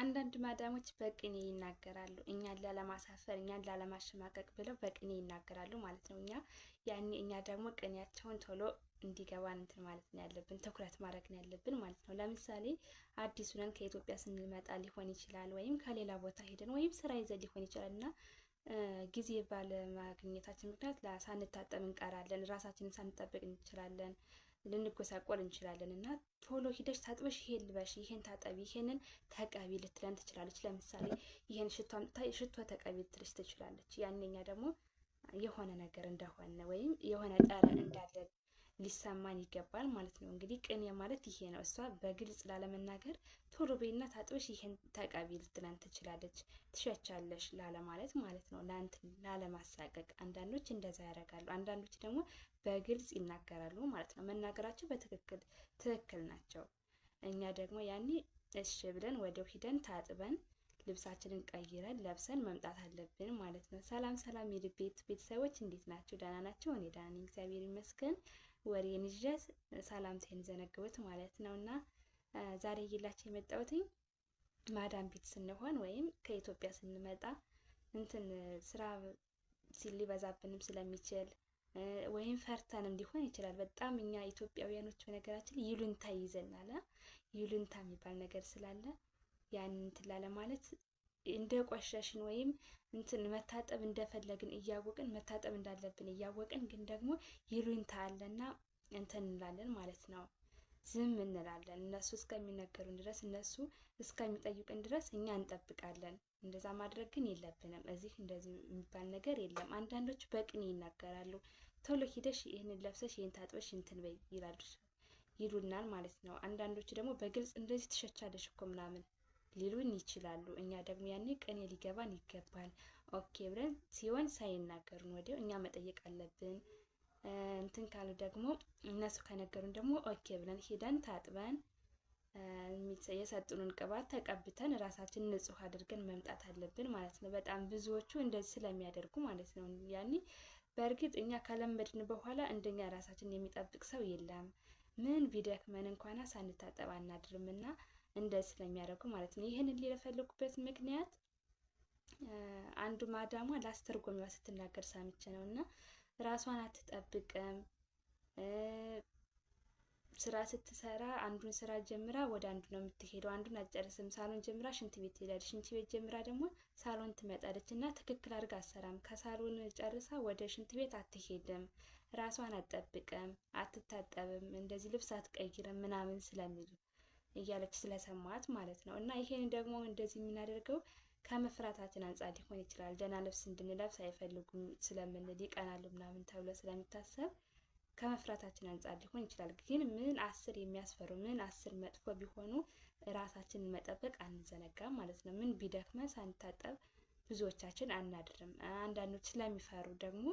አንዳንድ ማዳሞች በቅኔ ይናገራሉ። እኛን ላለማሳፈር፣ እኛን ላለማሸማቀቅ ብለው በቅኔ ይናገራሉ ማለት ነው። እኛ ያኔ እኛ ደግሞ ቅኔያቸውን ቶሎ እንዲገባን እንትን ማለት ነው ያለብን፣ ትኩረት ማድረግ ነው ያለብን ማለት ነው። ለምሳሌ አዲስ ነን ከኢትዮጵያ ስንመጣ ሊሆን ይችላል፣ ወይም ከሌላ ቦታ ሄደን ወይም ስራ ይዘን ሊሆን ይችላል እና ጊዜ ባለማግኘታችን ምክንያት ሳንታጠብ እንቀራለን፣ ራሳችንን ሳንጠብቅ እንችላለን ልንጎሳቆል እንችላለን እና ቶሎ ሂደሽ ታጥበሽ ይሄን ልበሽ፣ ይሄን ታጠቢ፣ ይሄንን ተቀቢ ልትለን ትችላለች። ለምሳሌ ይሄን ሽቶ አምጥታ ሽቶ ተቀቢ ልትልሽ ትችላለች። ያንኛ ደግሞ የሆነ ነገር እንደሆነ ወይም የሆነ ጠረን እንዳለ ሊሰማን ይገባል ማለት ነው። እንግዲህ ቅኔ ማለት ይሄ ነው። እሷ በግልጽ ላለመናገር ቶሎ በይና ታጥበሽ ይሄን ተቀቢ ልትለን ትችላለች። ትሸቻለሽ ላለማለት ማለት ነው። ለአንት ላለማሳቀቅ አንዳንዶች እንደዛ ያደርጋሉ። አንዳንዶች ደግሞ በግልጽ ይናገራሉ ማለት ነው። መናገራቸው በትክክል ትክክል ናቸው። እኛ ደግሞ ያኔ እሺ ብለን ወደው ሂደን ታጥበን ልብሳችንን ቀይረን ለብሰን መምጣት አለብን ማለት ነው። ሰላም ሰላም፣ የልቤት ቤተሰቦች እንዴት ናቸው? ደህና ናቸው? እኔ ደህና ነኝ፣ እግዚአብሔር ይመስገን። ወሬን ይዤ ሰላምታዬን ዘነግሁት ማለት ነው። እና ዛሬ ይላችሁ የመጣሁትኝ ማዳም ቤት ስንሆን ወይም ከኢትዮጵያ ስንመጣ እንትን ስራ ሊበዛብንም ስለሚችል ወይም ፈርተንም ሊሆን ይችላል። በጣም እኛ ኢትዮጵያውያኖች በነገራችን ይሉንታ ይይዘናል። ይሉንታ የሚባል ነገር ስላለ ያንን እንትን ላለማለት እንደቆሸሽን ወይም እንትን መታጠብ እንደፈለግን እያወቅን መታጠብ እንዳለብን እያወቅን ግን ደግሞ ይሉኝታ አለና እንትን እንላለን ማለት ነው። ዝም እንላለን። እነሱ እስከሚነገሩን ድረስ፣ እነሱ እስከሚጠይቁን ድረስ እኛ እንጠብቃለን። እንደዛ ማድረግ ግን የለብንም። እዚህ እንደዚህ የሚባል ነገር የለም። አንዳንዶች በቅኔ ይናገራሉ። ቶሎ ሂደሽ ይህንን ለብሰሽ ይህን ታጥበሽ እንትን በይ ይላሉ ይሉናል ማለት ነው። አንዳንዶቹ ደግሞ በግልጽ እንደዚህ ትሸቻለሽ እኮ ምናምን ሊሉን ይችላሉ። እኛ ደግሞ ያኔ ቀኔ ሊገባን ይገባል። ኦኬ ብለን ሲሆን ሳይናገሩን ወዲያው እኛ መጠየቅ አለብን። እንትን ካሉ ደግሞ እነሱ ከነገሩን ደግሞ ኦኬ ብለን ሄደን ታጥበን የሰጡንን ቅባት ተቀብተን ራሳችን ንጹህ አድርገን መምጣት አለብን ማለት ነው። በጣም ብዙዎቹ እንደዚህ ስለሚያደርጉ ማለት ነው። ያኔ በእርግጥ እኛ ከለመድን በኋላ እንደኛ ራሳችን የሚጠብቅ ሰው የለም። ምን ቢደክመን እንኳን ሳንታጠብ እና እንደዚህ ስለሚያደርጉ ማለት ነው። ይህንን የፈለጉበት ምክንያት አንዱ ማዳሟ ላስተርጎሚዋ ስትናገር ሰምቼ ነው እና ራሷን አትጠብቅም ስራ ስትሰራ አንዱን ስራ ጀምራ ወደ አንዱ ነው የምትሄደው። አንዱን አትጨርስም። ሳሎን ጀምራ ሽንት ቤት ትሄዳለች። ሽንት ቤት ጀምራ ደግሞ ሳሎን ትመጣለች እና ትክክል አድርጋ አትሰራም። ከሳሎን ጨርሳ ወደ ሽንት ቤት አትሄድም። ራሷን አትጠብቅም፣ አትታጠብም፣ እንደዚህ ልብስ አትቀይርም ምናምን ስለሚሉ እያለች ስለሰማት ማለት ነው። እና ይሄን ደግሞ እንደዚህ የምናደርገው ከመፍራታችን አንጻር ሊሆን ይችላል። ደህና ልብስ እንድንለብስ አይፈልጉም ስለምንል ይቀናሉ ምናምን ተብሎ ስለሚታሰብ ከመፍራታችን አንጻር ሊሆን ይችላል። ግን ምን አስር የሚያስፈሩ ምን አስር መጥፎ ቢሆኑ ራሳችንን መጠበቅ አንዘነጋም ማለት ነው። ምን ቢደክመ ሳንታጠብ ብዙዎቻችን አናድርም። አንዳንዶች ስለሚፈሩ ደግሞ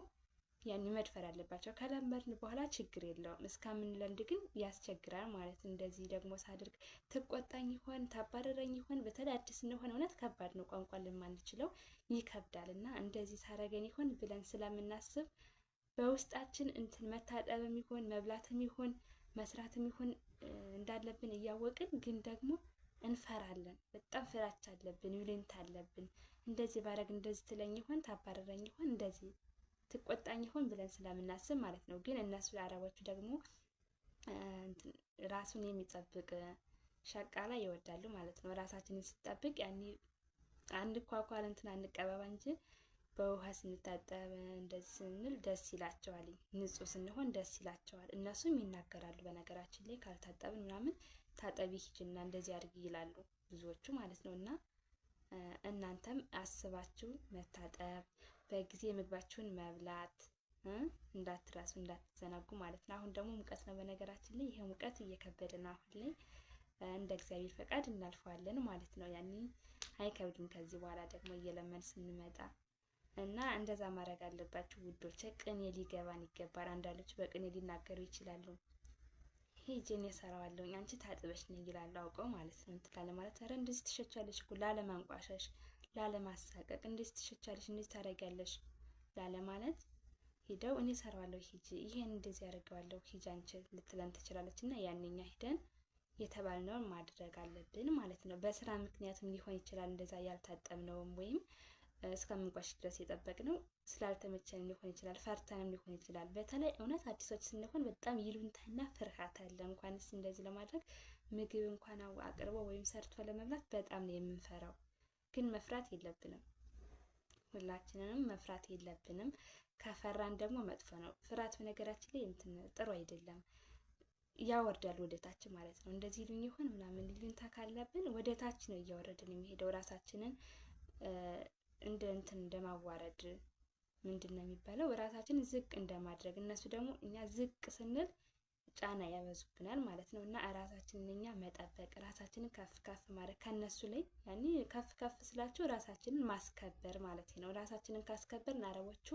ያን መድፈር አለባቸው። ከለመድን በኋላ ችግር የለውም። እስከምንለምድ ግን ያስቸግራል ማለት እንደዚህ ደግሞ ሳድርግ ትቆጣኝ ይሆን ታባረረኝ ይሆን? በተለይ አዲስ እንሆን እውነት ከባድ ነው። ቋንቋ ልማንችለው ይከብዳል እና እንደዚህ ሳረገን ይሆን ብለን ስለምናስብ በውስጣችን እንትን መታጠብም ይሆን መብላትም ይሆን መስራትም ይሆን እንዳለብን እያወቅን ግን ደግሞ እንፈራለን። በጣም ፍራቻ አለብን፣ ይሉኝታ አለብን። እንደዚህ ባረግ እንደዚህ ትለኝ ይሆን ታባረረኝ ይሆን እንደዚህ ትቆጣኝ ይሆን ብለን ስለምናስብ ማለት ነው። ግን እነሱ የአረቦቹ ደግሞ ራሱን የሚጠብቅ ሸቃላ ይወዳሉ ማለት ነው። ራሳችንን ስንጠብቅ ያኔ አንድ ኳኳል እንትን አንቀበባ እንጂ በውሃ ስንታጠብ እንደዚህ ስንል ደስ ይላቸዋል። ንጹህ ስንሆን ደስ ይላቸዋል። እነሱም ይናገራሉ። በነገራችን ላይ ካልታጠብን ምናምን ታጠቢ ሂጅና እንደዚህ አድርጊ ይላሉ ብዙዎቹ ማለት ነው። እና እናንተም አስባችሁ መታጠብ በጊዜ ምግባችሁን መብላት እንዳትረሱ እንዳትዘናጉ ማለት ነው። አሁን ደግሞ ሙቀት ነው በነገራችን ላይ ይሄ ሙቀት እየከበደ ነው። አሁን ላይ እንደ እግዚአብሔር ፈቃድ እናልፈዋለን ማለት ነው። ያኔ አይከብድም። ከዚህ በኋላ ደግሞ እየለመን ስንመጣ እና እንደዛ ማድረግ አለባችሁ ውዶች። ቅኔ ሊገባን ይገባል። አንዳንዶች በቅኔ ሊናገሩ ይችላሉ። ሂጅን የሰራዋለሁ አንቺ ታጥበሽ ነው ይላሉ። አውቀው ማለት ነው። ትላለ ማለት ረ እንደዚህ ትሸቻለሽ እኮ ላለማንቋሸሽ ላለማሳቀቅ እንዴት ትሸቻለሽ፣ እንዴት ታደርጊያለሽ ላለማለት ሂደው እኔ ሰራዋለሁ፣ ሂጂ ይሄን እንደዚህ ያደርገዋለሁ፣ ሂጂ አንቺ ልትለን ትችላለች እና ያንኛ ሂደን የተባልነውን ማድረግ አለብን ማለት ነው። በስራ ምክንያትም ሊሆን ይችላል እንደዛ ያልታጠብነውም ወይም እስከምንቆሽ ድረስ የጠበቅነው ስላልተመቸንም ሊሆን ይችላል፣ ፈርተንም ሊሆን ይችላል። በተለይ እውነት አዲሶች ስንሆን በጣም ይሉንታና ፍርሃት አለ። እንኳንስ እንደዚህ ለማድረግ ምግብ እንኳን አቅርቦ ወይም ሰርቶ ለመብላት በጣም ነው የምንፈራው። ግን መፍራት የለብንም። ሁላችንንም መፍራት የለብንም። ከፈራን ደግሞ መጥፎ ነው። ፍርሃት በነገራችን ላይ እንትን ጥሩ አይደለም፣ ያወርዳል ወደታች ማለት ነው። እንደዚህ ልን ይሆን ምናምን ልንታ ካለብን ወደታች ነው እያወረድን የሚሄደው ራሳችንን እንደ እንትን እንደማዋረድ ምንድን ነው የሚባለው ራሳችን ዝቅ እንደማድረግ እነሱ ደግሞ እኛ ዝቅ ስንል ጫና ያበዙብናል ማለት ነው እና ራሳችንን እኛ መጠበቅ ራሳችንን ከፍ ከፍ ማድረግ ከነሱ ላይ ያኔ ከፍ ከፍ ስላቸው ራሳችንን ማስከበር ማለት ነው። ራሳችንን ካስከበርን አረቦቹ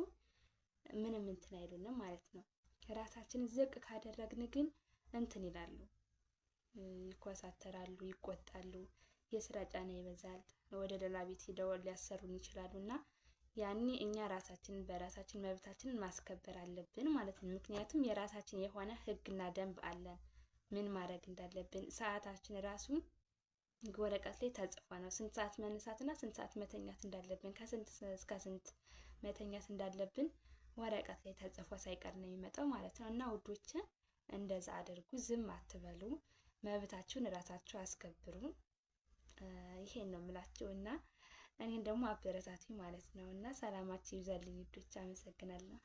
ምንም እንትን አይሉንም ማለት ነው። ራሳችንን ዝቅ ካደረግን ግን እንትን ይላሉ፣ ይኮሳተራሉ፣ ይቆጣሉ፣ የስራ ጫና ይበዛል፣ ወደ ሌላ ቤት ሄደው ሊያሰሩን ይችላሉ እና ያኔ እኛ ራሳችንን በራሳችን መብታችንን ማስከበር አለብን ማለት ነው። ምክንያቱም የራሳችን የሆነ ህግና ደንብ አለን። ምን ማድረግ እንዳለብን ሰዓታችን ራሱ ወረቀት ላይ ተጽፎ ነው። ስንት ሰዓት መነሳትና ስንት ሰዓት መተኛት እንዳለብን፣ ከስንት እስከ ስንት መተኛት እንዳለብን ወረቀት ላይ ተጽፎ ሳይቀር ነው የሚመጣው ማለት ነው። እና ውዶች እንደዛ አድርጉ፣ ዝም አትበሉ፣ መብታችሁን ራሳችሁ አስከብሩ። ይሄን ነው የምላችሁ እና እኔን ደግሞ አበረታቱኝ ማለት ነው እና ሰላማችሁ ይብዛልኝ ውዶች። አመሰግናለሁ።